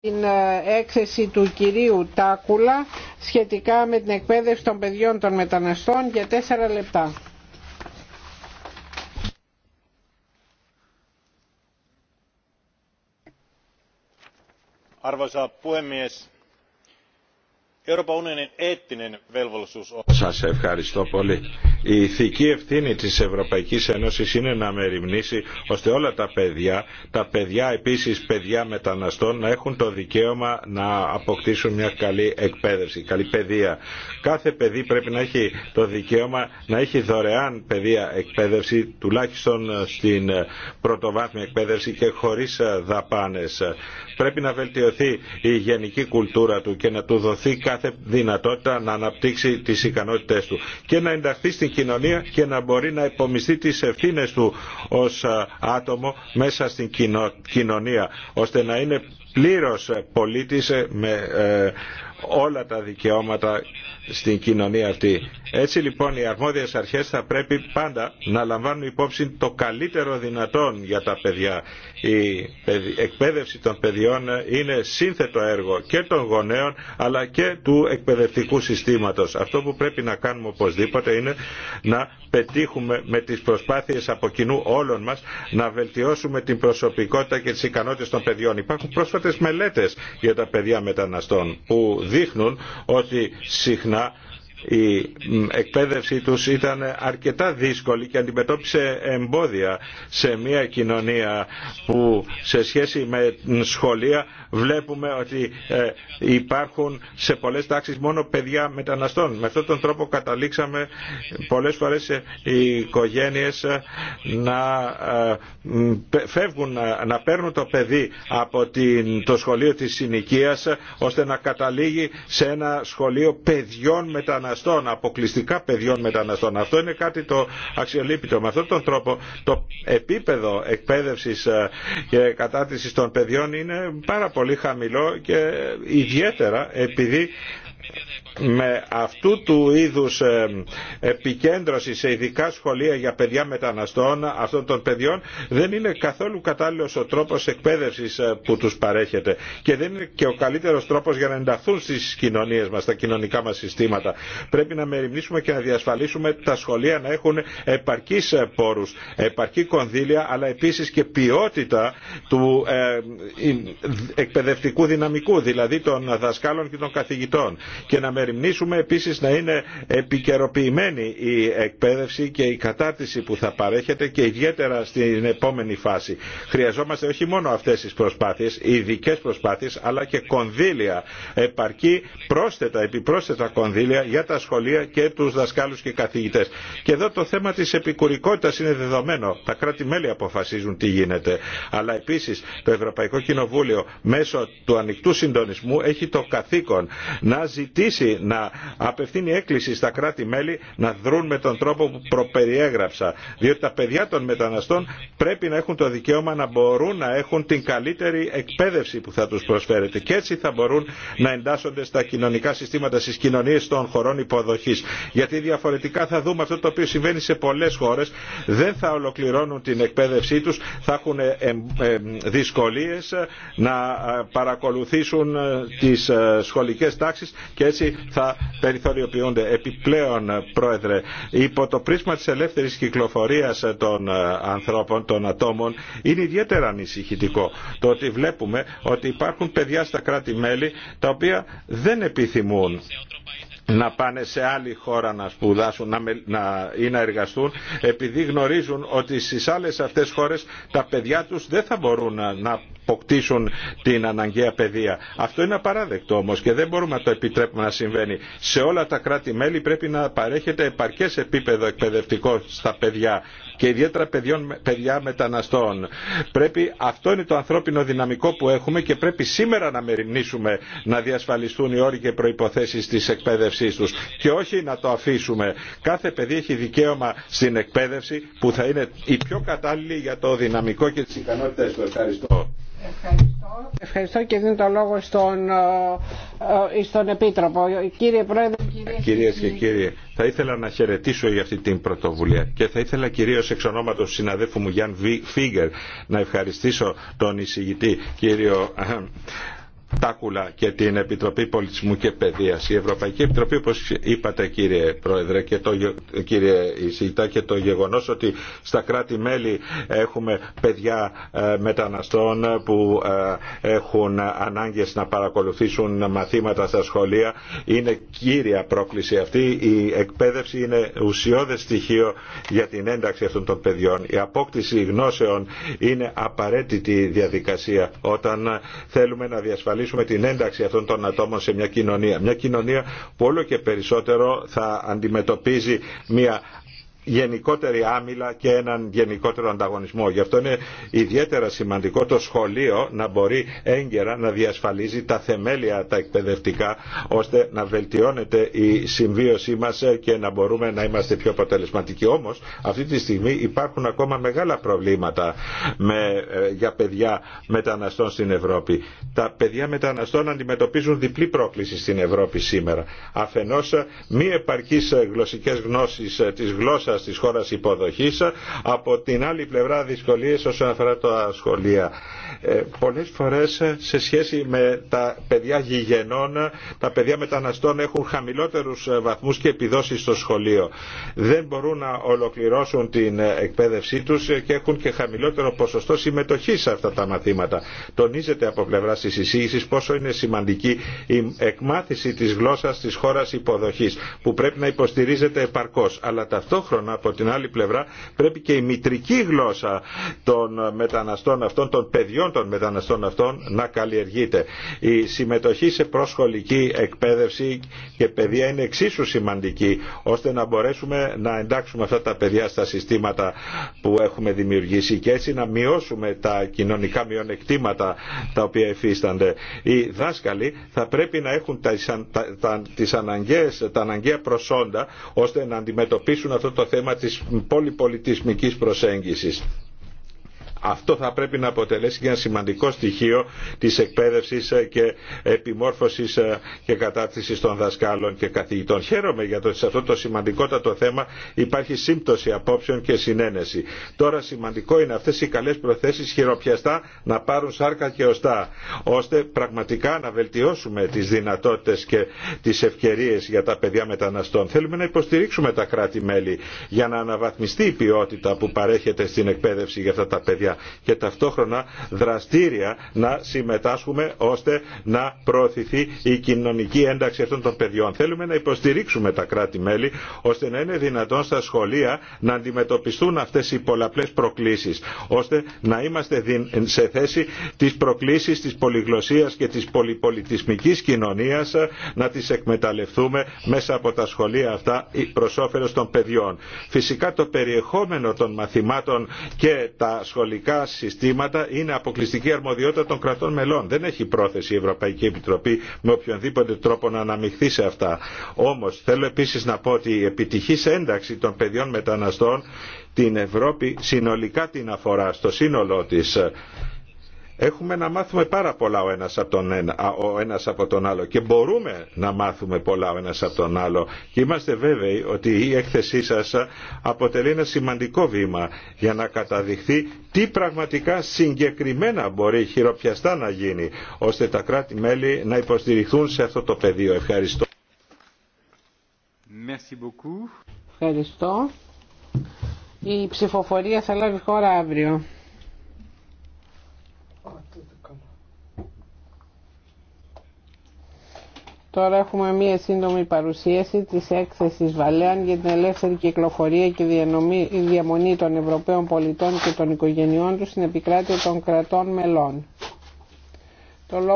την ε, έκθεση του κυρίου Τάκουλα σχετικά με την εκπαίδευση των παιδιών των μεταναστών για τέσσερα λεπτά. Arvoisa puhemies, Euroopan unionin eettinen velvollisuus on... Σας ευχαριστώ πολύ. Η ηθική ευθύνη της Ευρωπαϊκής Ένωσης είναι να μεριμνήσει ώστε όλα τα παιδιά, τα παιδιά επίσης παιδιά μεταναστών, να έχουν το δικαίωμα να αποκτήσουν μια καλή εκπαίδευση, καλή παιδεία. Κάθε παιδί πρέπει να έχει το δικαίωμα να έχει δωρεάν παιδεία εκπαίδευση, τουλάχιστον στην πρωτοβάθμια εκπαίδευση και χωρίς δαπάνες. Πρέπει να βελτιωθεί η γενική κουλτούρα του και να του δοθεί κάθε δυνατότητα να αναπτύξει τις ικανότητές του και να ενταχθεί στην κοινωνία και να μπορεί να υπομειστεί τις ευθύνες του ως ε, άτομο μέσα στην κοινωνία ώστε να είναι πλήρως πολίτης ε, με ε, όλα τα δικαιώματα στην κοινωνία αυτή. Έτσι λοιπόν οι αρμόδιες αρχές θα πρέπει πάντα να λαμβάνουν υπόψη το καλύτερο δυνατόν για τα παιδιά. Η εκπαίδευση των παιδιών είναι σύνθετο έργο και των γονέων αλλά και του εκπαιδευτικού συστήματος. Αυτό που πρέπει να κάνουμε οπωσδήποτε είναι να πετύχουμε με τις προσπάθειες από κοινού όλων μας να βελτιώσουμε την προσωπικότητα και τις ικανότητες των παιδιών. Υπάρχουν πρόσφατες μελέτες για τα παιδιά μεταναστών που δείχνουν ότι συχνά η εκπαίδευσή τους ήταν αρκετά δύσκολη και αντιμετώπισε εμπόδια σε μια κοινωνία που σε σχέση με σχολεία βλέπουμε ότι ε, υπάρχουν σε πολλές τάξεις μόνο παιδιά μεταναστών. Με αυτόν τον τρόπο καταλήξαμε πολλές φορές οι οικογένειες να ε, φεύγουν, να παίρνουν το παιδί από το σχολείο της συνοικίας ώστε να καταλήγει σε ένα σχολείο παιδιών μεταναστών μεταναστών, αποκλειστικά παιδιών μεταναστών. Αυτό είναι κάτι το αξιολύπητο. Με αυτόν τον τρόπο το επίπεδο εκπαίδευση ε, και κατάρτιση των παιδιών είναι πάρα πολύ χαμηλό και ιδιαίτερα επειδή με αυτού του είδους ε, επικέντρωση σε ειδικά σχολεία για παιδιά μεταναστών αυτών των παιδιών δεν είναι καθόλου κατάλληλος ο τρόπος εκπαίδευσης ε, που τους παρέχεται και δεν είναι και ο καλύτερος τρόπος για να ενταχθούν στις κοινωνίες μας, στα κοινωνικά μας συστήματα. Πρέπει να μεριμνήσουμε και να διασφαλίσουμε τα σχολεία να έχουν επαρκείς ε, πόρους, επαρκή κονδύλια αλλά επίσης και ποιότητα του εκπαιδευτικού δυναμικού, δηλαδή των δασκάλων και των καθηγητών και να μεριμνήσουμε επίσης να είναι επικαιροποιημένη η εκπαίδευση και η κατάρτιση που θα παρέχεται και ιδιαίτερα στην επόμενη φάση. Χρειαζόμαστε όχι μόνο αυτές τις προσπάθειες, ειδικέ προσπάθειες, αλλά και κονδύλια, επαρκή πρόσθετα, επιπρόσθετα κονδύλια για τα σχολεία και τους δασκάλους και καθηγητές. Και εδώ το θέμα της επικουρικότητας είναι δεδομένο. Τα κράτη-μέλη αποφασίζουν τι γίνεται. Αλλά επίσης το Ευρωπαϊκό Κοινοβούλιο μέσω του ανοιχτού συντονισμού έχει το καθήκον να ζητήσει να απευθύνει έκκληση στα κράτη-μέλη να δρουν με τον τρόπο που προπεριέγραψα. Διότι τα παιδιά των μεταναστών πρέπει να έχουν το δικαίωμα να μπορούν να έχουν την καλύτερη εκπαίδευση που θα τους προσφέρεται. Και έτσι θα μπορούν να εντάσσονται στα κοινωνικά συστήματα, στις κοινωνίες των χωρών υποδοχής. Γιατί διαφορετικά θα δούμε αυτό το οποίο συμβαίνει σε πολλές χώρες. Δεν θα ολοκληρώνουν την εκπαίδευσή τους, θα έχουν ε, ε, δυσκολίες να ε, παρακολουθήσουν τις σχολικές τάξεις και έτσι θα περιθωριοποιούνται. Επιπλέον, Πρόεδρε, υπό το πρίσμα της ελεύθερης κυκλοφορίας των ε, ανθρώπων, των ατόμων, είναι ιδιαίτερα ανησυχητικό το ότι βλέπουμε ότι υπάρχουν παιδιά στα κράτη-μέλη τα οποία δεν επιθυμούν να πάνε σε άλλη χώρα να σπουδάσουν να, να, ή να εργαστούν επειδή γνωρίζουν ότι στις άλλες αυτές χώρες τα παιδιά τους δεν θα μπορούν να αποκτήσουν την αναγκαία παιδεία. Αυτό είναι απαράδεκτο όμω και δεν μπορούμε να το επιτρέπουμε να συμβαίνει. Σε όλα τα κράτη-μέλη πρέπει να παρέχεται επαρκέ επίπεδο εκπαιδευτικό στα παιδιά και ιδιαίτερα παιδιών, παιδιά μεταναστών. Πρέπει, αυτό είναι το ανθρώπινο δυναμικό που έχουμε και πρέπει σήμερα να μεριμνήσουμε να διασφαλιστούν οι όροι και προποθέσει τη εκπαίδευσή του και όχι να το αφήσουμε. Κάθε παιδί έχει δικαίωμα στην εκπαίδευση που θα είναι η πιο κατάλληλη για το δυναμικό και τι ικανότητε. του. Ευχαριστώ. Ευχαριστώ. Ευχαριστώ και δίνω το λόγο στον, ε, ε, ε, στον Επίτροπο. Κύριε Πρόεδρε, κύριε κυρίες και κύριοι, θα ήθελα να χαιρετήσω για αυτή την πρωτοβουλία και θα ήθελα κυρίως εξ ονόματος του συναδέλφου μου Γιάνν Φίγκερ να ευχαριστήσω τον εισηγητή κύριο Τάκουλα και την Επιτροπή Πολιτισμού και Παιδείας. Η Ευρωπαϊκή Επιτροπή, όπως είπατε κύριε Πρόεδρε και το, κύριε και το γεγονός ότι στα κράτη-μέλη έχουμε παιδιά ε, μεταναστών που ε, έχουν ανάγκες να παρακολουθήσουν μαθήματα στα σχολεία είναι κύρια πρόκληση αυτή. Η εκπαίδευση είναι ουσιώδες στοιχείο για την ένταξη αυτών των παιδιών. Η απόκτηση γνώσεων είναι απαραίτητη διαδικασία όταν θέλουμε να διασφαλίσουμε διασφαλίσουμε την ένταξη αυτών των ατόμων σε μια κοινωνία. Μια κοινωνία που όλο και περισσότερο θα αντιμετωπίζει μια γενικότερη άμυλα και έναν γενικότερο ανταγωνισμό. Γι' αυτό είναι ιδιαίτερα σημαντικό το σχολείο να μπορεί έγκαιρα να διασφαλίζει τα θεμέλια τα εκπαιδευτικά ώστε να βελτιώνεται η συμβίωσή μας και να μπορούμε να είμαστε πιο αποτελεσματικοί. Όμως αυτή τη στιγμή υπάρχουν ακόμα μεγάλα προβλήματα με, ε, για παιδιά μεταναστών στην Ευρώπη. Τα παιδιά μεταναστών αντιμετωπίζουν διπλή πρόκληση στην Ευρώπη σήμερα. Αφενός μη επαρκείς γλωσσικές γνώσεις ε, της γλώσσας πλευράς της χώρας υποδοχής, από την άλλη πλευρά δυσκολίες όσον αφορά τα σχολεία. Ε, πολλές φορές ε, σε σχέση με τα παιδιά γηγενών, τα παιδιά μεταναστών έχουν χαμηλότερους ε, βαθμούς και επιδόσεις στο σχολείο. Δεν μπορούν να ολοκληρώσουν την ε, εκπαίδευσή τους και έχουν και χαμηλότερο ποσοστό συμμετοχή σε αυτά τα μαθήματα. Τονίζεται από πλευρά τη εισήγηση πόσο είναι σημαντική η εκμάθηση τη γλώσσα τη χώρα υποδοχή, που πρέπει να υποστηρίζεται επαρκώ. Αλλά ταυτόχρονα από την άλλη πλευρά πρέπει και η μητρική γλώσσα των μεταναστών αυτών, των παιδιών των μεταναστών αυτών να καλλιεργείται. Η συμμετοχή σε προσχολική εκπαίδευση και παιδεία είναι εξίσου σημαντική ώστε να μπορέσουμε να εντάξουμε αυτά τα παιδιά στα συστήματα που έχουμε δημιουργήσει και έτσι να μειώσουμε τα κοινωνικά μειονεκτήματα τα οποία εφίστανται. Οι δάσκαλοι θα πρέπει να έχουν τις αναγκαίες, τα αναγκαία προσόντα ώστε να αντιμετωπίσουν αυτό το θέμα της πολυπολιτισμικής προσέγγισης. Αυτό θα πρέπει να αποτελέσει και ένα σημαντικό στοιχείο της εκπαίδευσης και επιμόρφωσης και κατάρτισης των δασκάλων και καθηγητών. Χαίρομαι για το σε αυτό το σημαντικότατο θέμα υπάρχει σύμπτωση απόψεων και συνένεση. Τώρα σημαντικό είναι αυτές οι καλές προθέσεις χειροπιαστά να πάρουν σάρκα και οστά, ώστε πραγματικά να βελτιώσουμε τις δυνατότητες και τις ευκαιρίες για τα παιδιά μεταναστών. Θέλουμε να υποστηρίξουμε τα κράτη-μέλη για να αναβαθμιστεί η ποιότητα που παρέχεται στην εκπαίδευση για αυτά τα παιδιά και ταυτόχρονα δραστήρια να συμμετάσχουμε ώστε να προωθηθεί η κοινωνική ένταξη αυτών των παιδιών. Θέλουμε να υποστηρίξουμε τα κράτη-μέλη ώστε να είναι δυνατόν στα σχολεία να αντιμετωπιστούν αυτές οι πολλαπλές προκλήσεις ώστε να είμαστε σε θέση της προκλήσεις της πολυγλωσσίας και της πολυπολιτισμικής κοινωνίας ε, να τις εκμεταλλευτούμε μέσα από τα σχολεία αυτά ε, προς όφελος των παιδιών. Φυσικά το περιεχόμενο των μαθημάτων και τα σχολικά φορολογικά συστήματα είναι αποκλειστική αρμοδιότητα των κρατών μελών. Δεν έχει πρόθεση η Ευρωπαϊκή Επιτροπή με οποιονδήποτε τρόπο να αναμειχθεί σε αυτά. Όμως θέλω επίσης να πω ότι η επιτυχής ένταξη των παιδιών μεταναστών την Ευρώπη συνολικά την αφορά στο σύνολό της Έχουμε να μάθουμε πάρα πολλά ο ένας, από τον ένα, ο ένας από τον άλλο και μπορούμε να μάθουμε πολλά ο ένας από τον άλλο και είμαστε βέβαιοι ότι η έκθεσή σας αποτελεί ένα σημαντικό βήμα για να καταδειχθεί τι πραγματικά συγκεκριμένα μπορεί χειροπιαστά να γίνει ώστε τα κράτη-μέλη να υποστηριχθούν σε αυτό το πεδίο. Ευχαριστώ. Merci Ευχαριστώ. Η ψηφοφορία θα λάβει χώρα αύριο. Τώρα έχουμε μία σύντομη παρουσίαση της έκθεσης Βαλέαν για την ελεύθερη κυκλοφορία και διαμονή των Ευρωπαίων πολιτών και των οικογενειών τους στην επικράτεια των κρατών μελών.